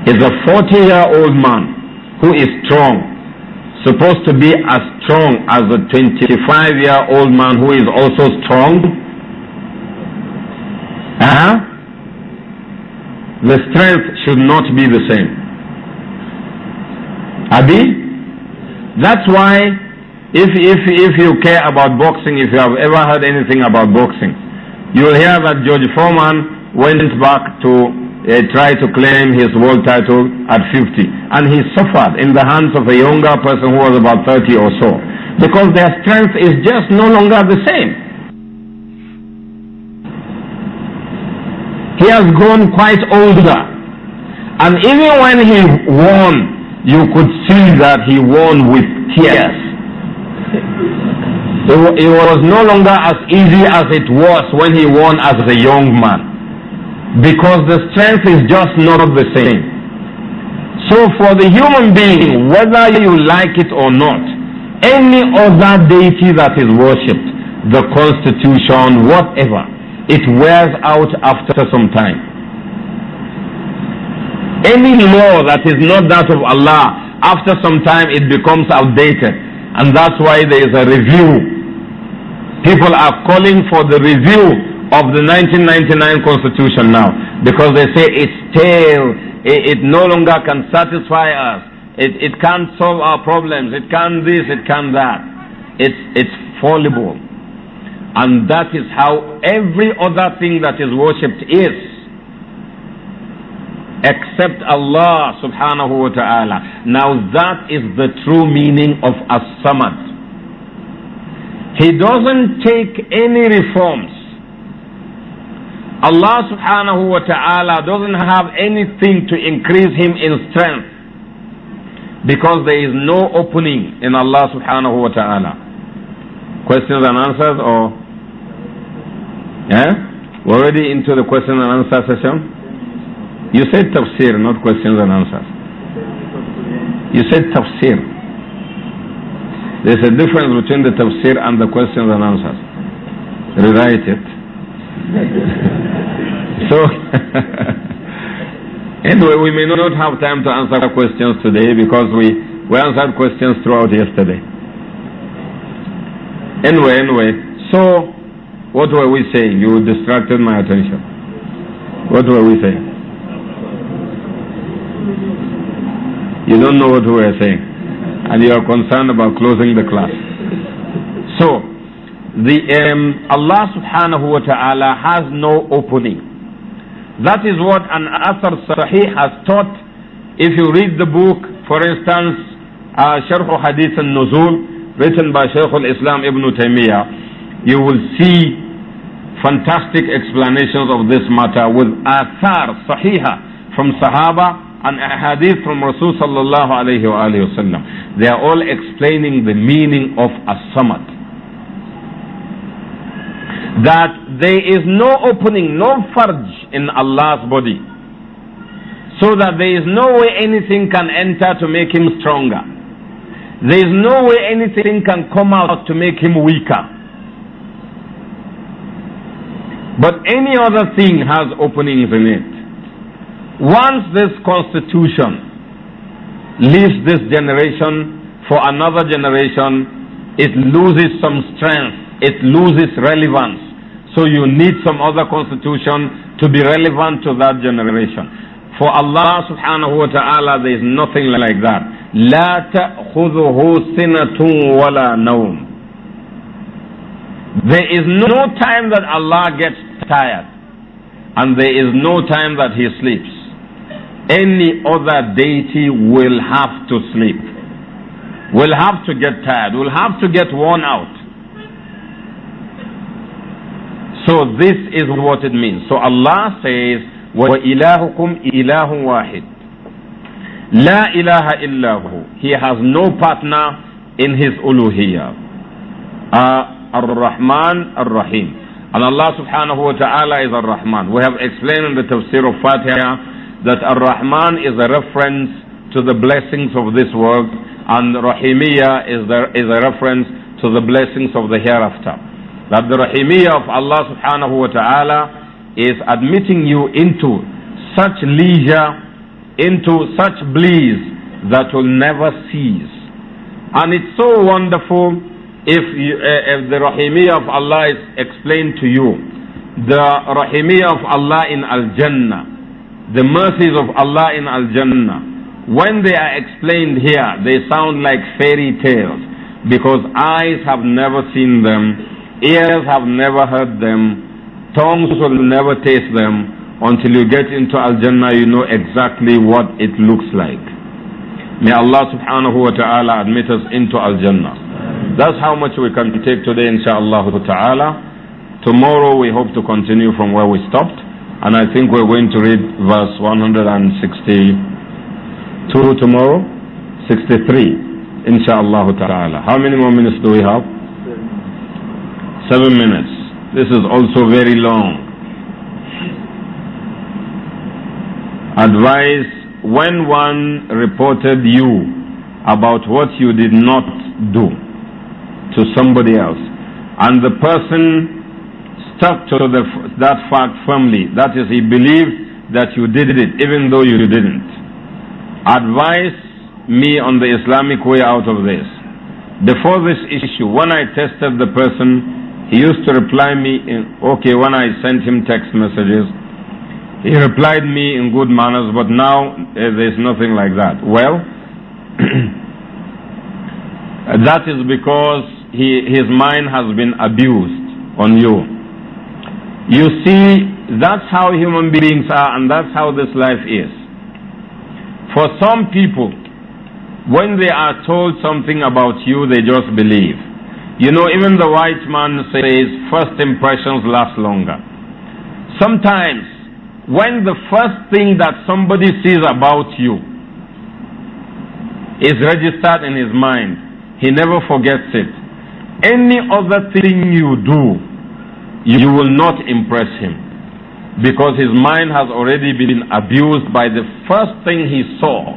Is a 40 year old man who is strong supposed to be as strong as a 25 year old man who is also strong? Huh? The strength should not be the same. Abi? That's why if, if, if you care about boxing, if you have ever heard anything about boxing, you will hear that George Foreman went back to uh, try to claim his world title at 50. And he suffered in the hands of a younger person who was about 30 or so. Because their strength is just no longer the same. He has grown quite older. And even when he won you could see that he won with tears. It, was no longer as easy as it was when he won as a young man because the strength is just not the same. So for the human being, whether you like it or not, any other deity that is worshipped, the constitution, whatever, it wears out after some time. Any law that is not that of Allah, after some time it becomes outdated. And that's why there is a review. People are calling for the review of the 1999 constitution now because they say it's stale, it, it, no longer can satisfy us, it, it can't solve our problems, it can this, it can that. It's, it's fallible. And that is how every other thing that is worshipped is except Allah subhanahu wa ta'ala. Now that is the true meaning of As-Samad. He doesn't take any reforms. Allah subhanahu wa ta'ala doesn't have anything to increase him in strength because there is no opening in Allah subhanahu wa ta'ala. Questions and answers or? Yeah? We're already into the question and answer session. You said tafsir, not questions and answers. You said tafsir. There's a difference between the tafsir and the questions and answers. Rewrite it. so, anyway, we may not have time to answer questions today because we, we answered questions throughout yesterday. Anyway, anyway, so what were we saying? You distracted my attention. What were we saying? You don't know what we are saying. And you are concerned about closing the class. So, the, um, Allah subhanahu wa ta'ala has no opening. That is what an Asr Sahih has taught. If you read the book, for instance, uh, Sharh Hadith al Nuzul, written by Shaykh al Islam ibn Taymiyyah, you will see fantastic explanations of this matter with Athar Sahiha from Sahaba and ahadith from Rasul sallallahu alayhi wa They are all explaining the meaning of as-samad. That there is no opening, no farj in Allah's body. So that there is no way anything can enter to make him stronger. There is no way anything can come out to make him weaker. But any other thing has openings in it. Once this constitution leaves this generation for another generation, it loses some strength, it loses relevance. So you need some other constitution to be relevant to that generation. For Allah subhanahu wa ta'ala, there is nothing like that. لا تأخذه سنة ولا نوم. There is no time that Allah gets tired, and there is no time that He sleeps any other deity will have to sleep, will have to get tired, will have to get worn out. So this is what it means. So Allah says, وَإِلَهُكُمْ إِلَهٌ وَاحِدٌ La ilaha illahu. He has no partner in his uluhiyya. Uh, Ar-Rahman, Ar-Rahim. And Allah subhanahu wa ta'ala is Ar-Rahman. We have explained in the tafsir of Fatiha that Ar-Rahman is a reference to the blessings of this world and Rahimiyya is, is a reference to the blessings of the hereafter. That the Rahimiyya of Allah subhanahu wa ta'ala is admitting you into such leisure, into such bliss that will never cease. And it's so wonderful if, you, uh, if the Rahimiyya of Allah is explained to you. The Rahimiyya of Allah in Al-Jannah the mercies of Allah in Al Jannah, when they are explained here, they sound like fairy tales because eyes have never seen them, ears have never heard them, tongues will never taste them. Until you get into Al Jannah, you know exactly what it looks like. May Allah subhanahu wa ta'ala admit us into Al Jannah. That's how much we can take today, inshaAllah ta'ala. Tomorrow we hope to continue from where we stopped. And I think we're going to read verse 162 tomorrow, 63, inshallah ta'ala. How many more minutes do we have? Seven minutes. This is also very long. Advice when one reported you about what you did not do to somebody else, and the person stuck to the, that fact firmly. That is, he believed that you did it, even though you didn't. Advise me on the Islamic way out of this. Before this issue, when I tested the person, he used to reply me in, okay, when I sent him text messages, he replied me in good manners, but now uh, there's nothing like that. Well, that is because he, his mind has been abused on you. You see, that's how human beings are and that's how this life is. For some people, when they are told something about you, they just believe. You know, even the white man says first impressions last longer. Sometimes, when the first thing that somebody sees about you is registered in his mind, he never forgets it. Any other thing you do you will not impress him because his mind has already been abused by the first thing he saw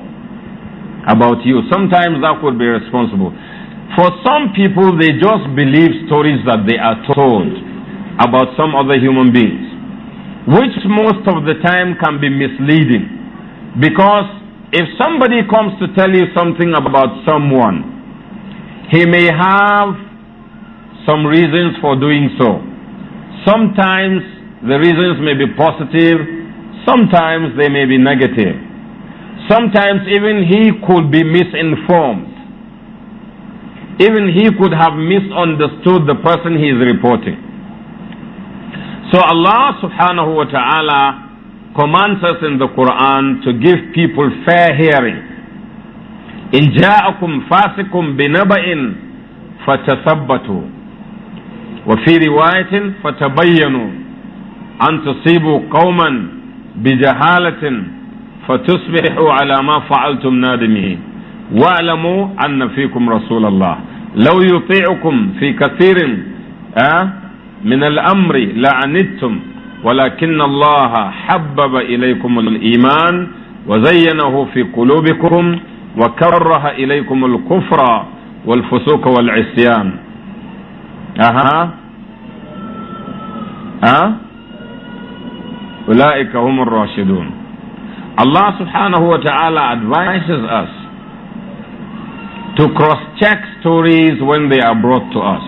about you. Sometimes that could be responsible. For some people, they just believe stories that they are told about some other human beings, which most of the time can be misleading because if somebody comes to tell you something about someone, he may have some reasons for doing so. Sometimes the reasons may be positive, sometimes they may be negative. Sometimes even he could be misinformed. Even he could have misunderstood the person he is reporting. So Allah subhanahu wa ta'ala commands us in the Quran to give people fair hearing. إن جاءكم فاسق بنبأ فتثبتوا وفي رواية فتبينوا أن تصيبوا قوما بجهالة فتصبحوا على ما فعلتم نادمين واعلموا أن فيكم رسول الله لو يطيعكم في كثير آه، من الأمر لعنتم ولكن الله حبب إليكم الإيمان وزينه في قلوبكم وكره إليكم الكفر والفسوق والعصيان أها ها أولئك هم الراشدون Allah subhanahu wa ta'ala advises us to cross-check stories when they are brought to us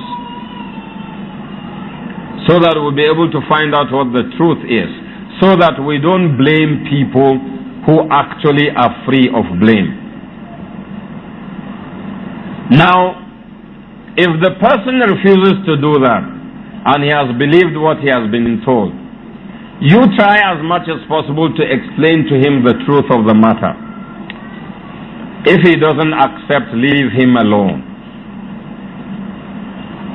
so that we'll be able to find out what the truth is so that we don't blame people who actually are free of blame. Now, if the person refuses to do that and he has believed what he has been told, you try as much as possible to explain to him the truth of the matter. If he doesn't accept, leave him alone.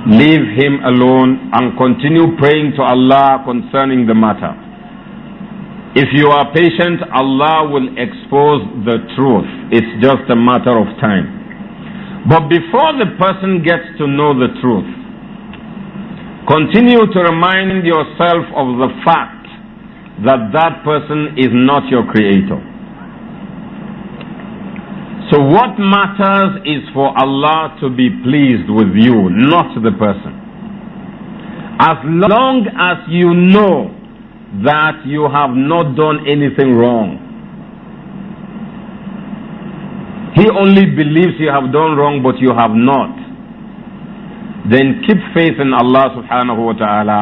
Leave him alone and continue praying to Allah concerning the matter. If you are patient, Allah will expose the truth. It's just a matter of time. But before the person gets to know the truth, continue to remind yourself of the fact that that person is not your creator. So what matters is for Allah to be pleased with you, not the person. As long as you know that you have not done anything wrong, He only believes you have done wrong, but you have not. Then keep faith in Allah subhanahu wa ta'ala.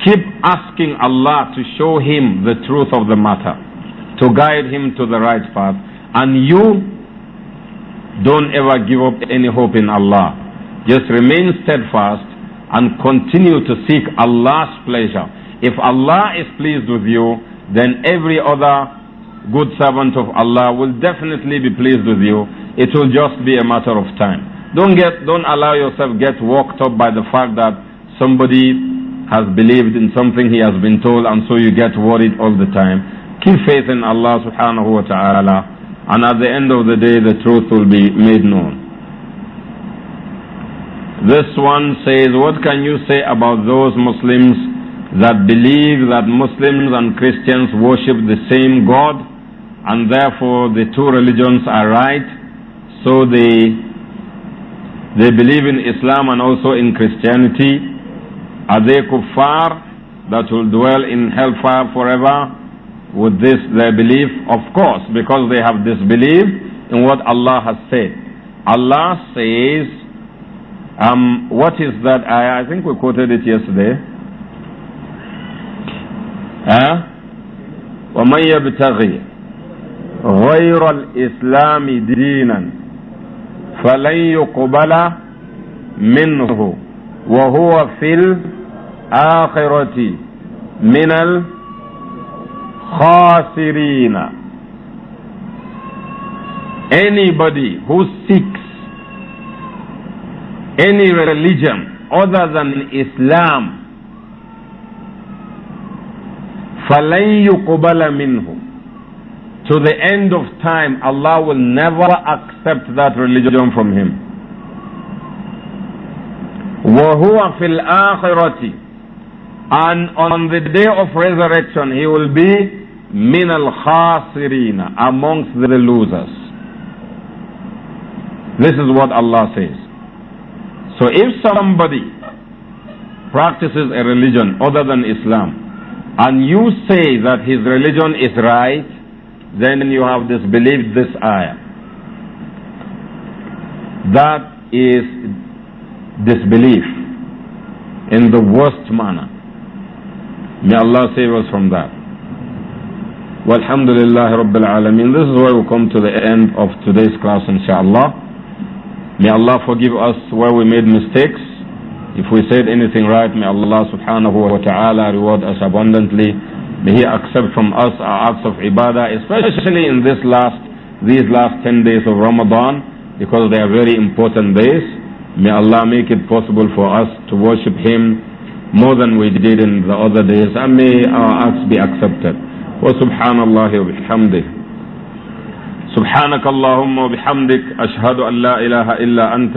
Keep asking Allah to show him the truth of the matter, to guide him to the right path. And you don't ever give up any hope in Allah. Just remain steadfast and continue to seek Allah's pleasure. If Allah is pleased with you, then every other good servant of Allah, will definitely be pleased with you. It will just be a matter of time. Don't get, don't allow yourself get worked up by the fact that somebody has believed in something he has been told, and so you get worried all the time. Keep faith in Allah subhanahu wa taala, and at the end of the day, the truth will be made known. This one says, What can you say about those Muslims that believe that Muslims and Christians worship the same God and therefore the two religions are right. So they, they believe in Islam and also in Christianity. Are they kuffar that will dwell in hellfire forever with this their belief? Of course, because they have disbelieved in what Allah has said. Allah says, um, what is that ayah? I think we quoted it yesterday. ها ومن يبتغي غير الإسلام دينا فلن يقبل منه وهو في الآخرة من الخاسرين anybody who seeks any religion other than Islam فَلَنْ يُقْبَلَ مِنْهُمْ To the end of time, Allah will never accept that religion from him. وَهُوَ فِي الْآخِرَةِ And on the day of resurrection, he will be مِنَ الْخَاسِرِينَ Amongst the losers. This is what Allah says. So if somebody practices a religion other than Islam, and you say that his religion is right, then you have disbelieved this ayah. That is disbelief in the worst manner. May Allah save us from that. Walhamdulillah Rabbil Alameen. This is where we come to the end of today's class, inshaAllah. May Allah forgive us where we made mistakes. If we said anything right, may Allah subhanahu wa ta'ala reward us abundantly. May He accept from us our acts of ibadah, especially in this last, these last 10 days of Ramadan, because they are very important days. May Allah make it possible for us to worship Him more than we did in the other days, and may our acts be accepted. وسبحان الله وبحمده سبحانك اللهم وبحمدك أشهد أن لا إله إلا أنت